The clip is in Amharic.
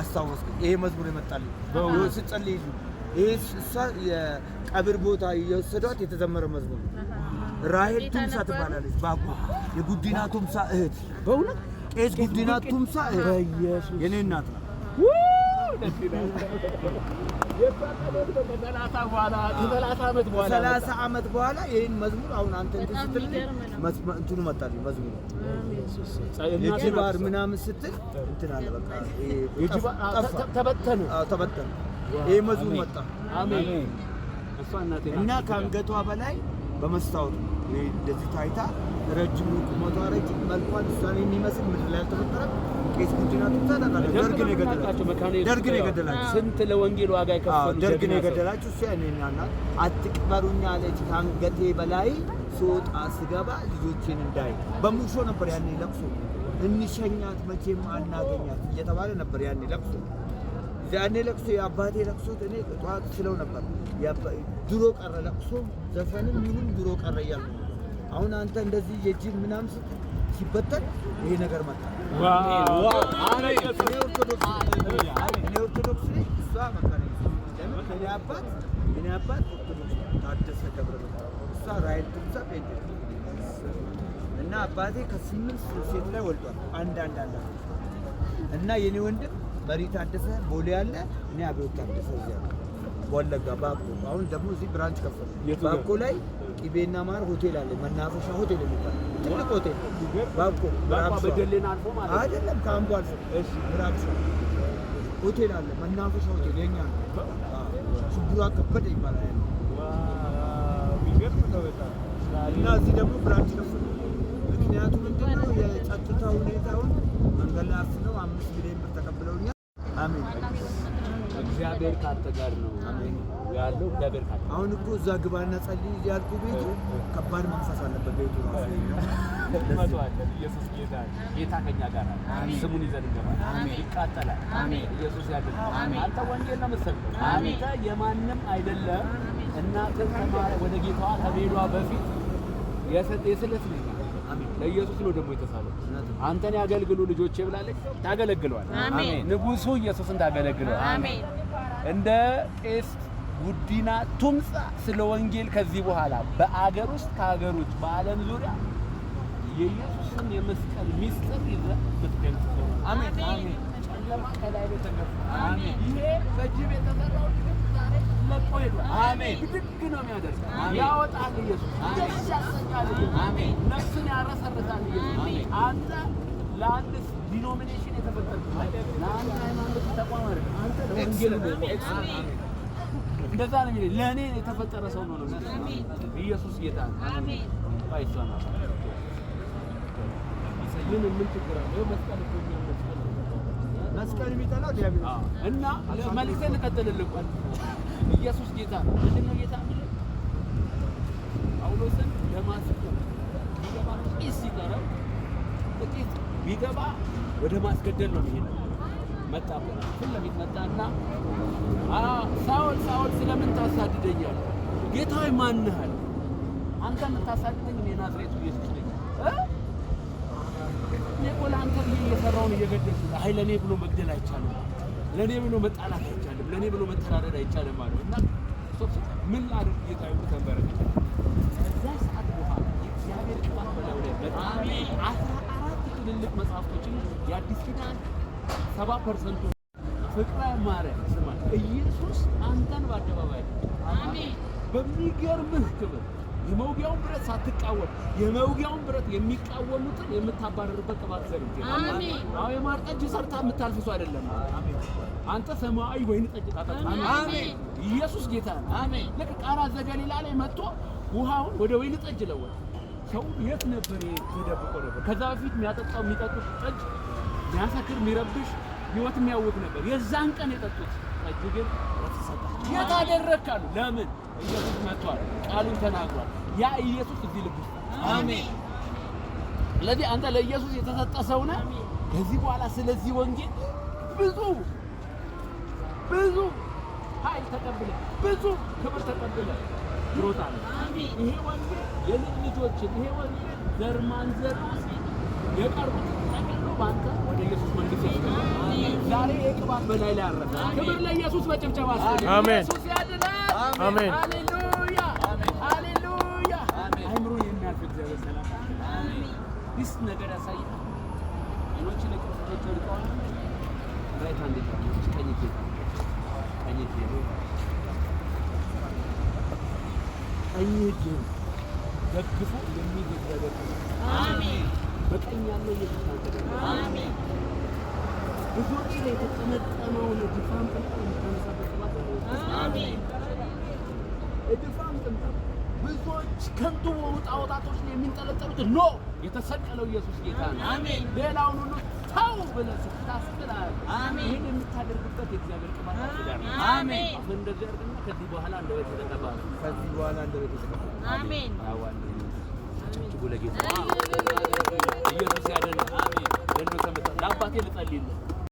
አስታወስኩ። ይሄ መዝሙር የመጣልኝ ስጸልይ ይህ እሷ የቀብር ቦታ የወሰዷት የተዘመረ መዝሙር ራሄል ቱምሳ ትባላለች። ባኮ የጉዲና ቱምሳ እህት በእውነት ቄስ ጉዲና ቱምሳ እህት የኔ እናት ነው። ሰላሳ ዓመት በኋላ ይህን መዝሙር አሁን አንተ ስትል እንትኑ መጣልኝ መዝሙር የጅባር ምናምን ስትል እንትን አለ በቃ ተበተነ ተበተነ። ይህ መዝሙር መጣ እና ከአንገቷ በላይ በመስታወት እንደዚህ ታይታ ረጅም ቁመቷ ረጅም መልኳን እሷን የሚመስል ምድር ላይ አልተፈጠረም። ቄስ ጉዲናቱን ታውቃላችሁ። ደርግ ነው የገደላችሁ፣ ደርግ ነው የገደላችሁ፣ ስንት ለወንጌል ዋጋ የከፈሉ ደርግ ነው የገደላችሁ። እሱ ያኔ ናና አትቅበሩኝ አለች ከአንገቴ በላይ ስወጣ ስገባ ልጆችን እንዳይ በሙሾ ነበር ያኔ ለቅሶ። እንሸኛት መቼም አናገኛት እየተባለ ነበር ያኔ ለቅሶ ያኔ ለቅሶ የአባቴ ለቅሶት እኔ ጠዋት ስለው ነበር ድሮ ቀረ ለቅሶ ዘፈንም ምንም ድሮ ቀረ እያልኩ አሁን አንተ እንደዚህ የጅብ ምናምን ሲበተን ይሄ ነገር መጣ። እኔ ኦርቶዶክስ ነኝ፣ ታደሰ ገብረ እሷ እና አባቴ ከስምንት ሴት ላይ ወልዷል። አንድ አንድ አለ እና የኔ ወንድም መሪ ታደሰ ቦሌ አለ፣ እኔ አብዮት ታደሰ እዚያ ወለጋ ባኮ። አሁን ደግሞ እዚህ ብራንች ከፈሉ። ባኮ ላይ ቂቤና ማር ሆቴል አለ፣ መናፈሻ ሆቴል የሚባል ትልቅ ሆቴል ባኮ። አይደለም ከአምቦ አልፎ ሆቴል አለ፣ መናፈሻ ሆቴል የኛ ነው። ሽቡራ ከበደ ይባላል። እና እዚህ ደግሞ ብራንች ከፈሉ። ምክንያቱ ምንድነው? የጸጥታ ሁኔታውን አንገላፍ ነው። አምስት ሚሊዮን ብር ተቀብለውኛል። እግዚአብሔር ካንተ ጋር ነው ያለው። እግዚአብሔር ካንተ አሁን እኮ እዛ ግባና ጸልይ ያልኩ ቤቱ ከባድ መንፈስ አለበት። ቤቱ ራሱ ኢየሱስ ጌታ ጌታ ከኛ ጋር አለ። ስሙን ይዘን እንገባለን። ይቃጠላል። ኢየሱስ ያድል። አንተ ወንጌል ነው የምትሰብከው። አንተ የማንም አይደለም። እናትህ ወደ ጌታዋ ከመሄዷ በፊት የስለት ነው ለኢየሱስ ነው ደግሞ የተሳለው። አንተን ያገልግሉ ልጆቼ ብላለች። ታገለግለዋል። ንጉሱ ኢየሱስን ታገለግለዋል። እንደ ቄስ ጉዲና ቱምጻ ስለ ወንጌል ከዚህ በኋላ በአገር ውስጥ ከሀገር በአለም በዓለም ዙሪያ የኢየሱስን የመስቀል ሚስጥር ይዘህ የምትገልጽ አሜን አሜን። ጨለማ ከላይ ተገፋ። ይሄ የተሰራው ዛሬ ለቆ ሄዷል። ብድግ ነው ያወጣል ኢየሱስ። ደስ ያሰኛል ኢየሱስ። ነፍስን ያረሰርሳል ኢየሱስ። አንተ ለአንድ ዲኖሚኔሽን የተፈጠርክ ወንጌል እንደዛ ነው የሚለኝ። ለእኔ የተፈጠረ ሰው ነው ኢየሱስ ጌታ እና መልዕክቴን ልቀጥልልህ። ኢየሱስ ጌታ ነው። ምንድን ነው ጌታ ጳውሎስን ለማስገደድ ቢገባ ጥቂት ቢገባ ወደ ማስገደል ነው የሚሄደው መጣ ፊት ለፊት መጣና ሳኦል ሳኦል ስለምን ታሳድደኛለህ? ጌታዬ ማን ነህ አለ። አንተ የምታሳድደኝ እኔ ናዝሬቱ ኢየሱስ ነኝ። እኔ እኮ ለአንተ ብዬ እየሰራውን እየገደልኩ፣ አይ ለእኔ ብሎ መግደል አይቻልም፣ ለእኔ ብሎ መጣላት አይቻልም፣ ለእኔ ብሎ መተራረድ አይቻልም አለ እና ምን ላድርግ ጌታዬ ብሎ ተንበረከከ። ከዚያ ሰዓት በኋላ የእግዚአብሔር ቅባት በላዩ ላይ በጣም አስራ አራት ትልልቅ መጽሐፍቶችን የአዲስ ኪዳን ሰባ ፐርሰንቱ ፍቅረ ማርያም ስማ፣ ኢየሱስ አንተን በአደባባይ በሚገርምህ ክብር የመውጊያውን ብረት ሳትቃወም የመውጊያውን ብረት የሚቃወሙትን የምታባረርበት ቅባት ዘርግ። አሜን። የማር ጠጅ ሰርታ የምታልፍሱ አይደለም። አሜን። አንተ ሰማያዊ ወይን ጠጅ ጣጣ። ኢየሱስ ጌታ ነው። ልክ ቃና ዘገሊላ ላይ መጥቶ ውሃውን ወደ ወይን ጠጅ ለወጠ። ሰው የት ነበር ተደብቆ ነበር? ከዛ በፊት የሚያጠጣው የሚጠጡት ጠጅ የሚያሰክር የሚረብሽ ህይወት የሚያውቅ ነበር። የዛን ቀን የጠጡት ጠጁ ግን ረፍት ሰጣቸው። የት አደረግካሉ? ለምን ኢየሱስ መጥቷል፣ ቃሉን ተናግሯል። ያ ኢየሱስ እዚህ ልብ ውስጥ አሜን። ስለዚህ አንተ ለኢየሱስ የተሰጠ ሰው ነህ። ከዚህ በኋላ ስለዚህ ወንጌል ብዙ ብዙ ኃይል ተቀብለ ብዙ ክብር ተቀብለ ይሮጣል። ይሄ ወንጌል የልጅ ልጆችን ይሄ ወንጌል ዘር ማንዘር ውስጥ የቀሩት ጠቅሎ ባንተ ወደ ኢየሱስ መንግስት ዛሬ የቅባት በላይ ላይ ያረፈ ክብር ለኢየሱስ በጭብጨባ አሜን። ኢየሱስ ያድናል። አሜን። ሃሌሉያ ሃሌሉያ። አእምሮ የሚያልፍ እግዚአብሔር ሰላም ዲስ ነገር ያሳያል። ሌሎች ለቅርሶች ወድቀዋል። ራይት አንድ ች ቀኝ ጌታ ቀኝ ጌታ ቀኝ እጅ ደግፎ የሚገዛ አሜን በቀኝ ያለው ኢየሱስ አንተ አሜን። ብዙዎች የተጠመጠመውን ድፋም ብዙዎች ከንቱ ውጣ ውጣቶች ላይ የሚንጠለጠሉት ኖ የተሰቀለው ኢየሱስ ጌታ ነው። አሜን። ሌላውን ሁሉ ተው ብለህ ስታስብል ይህን የምታደርግበት የእግዚአብሔር ቅባት ከዚህ በኋላ አንደበት ከዚህ በኋላ አንደበት ጭቅጭቁ ለጌታ ኢየሱስ ያደነ አሜን። ለአባቴ ልጸልይለት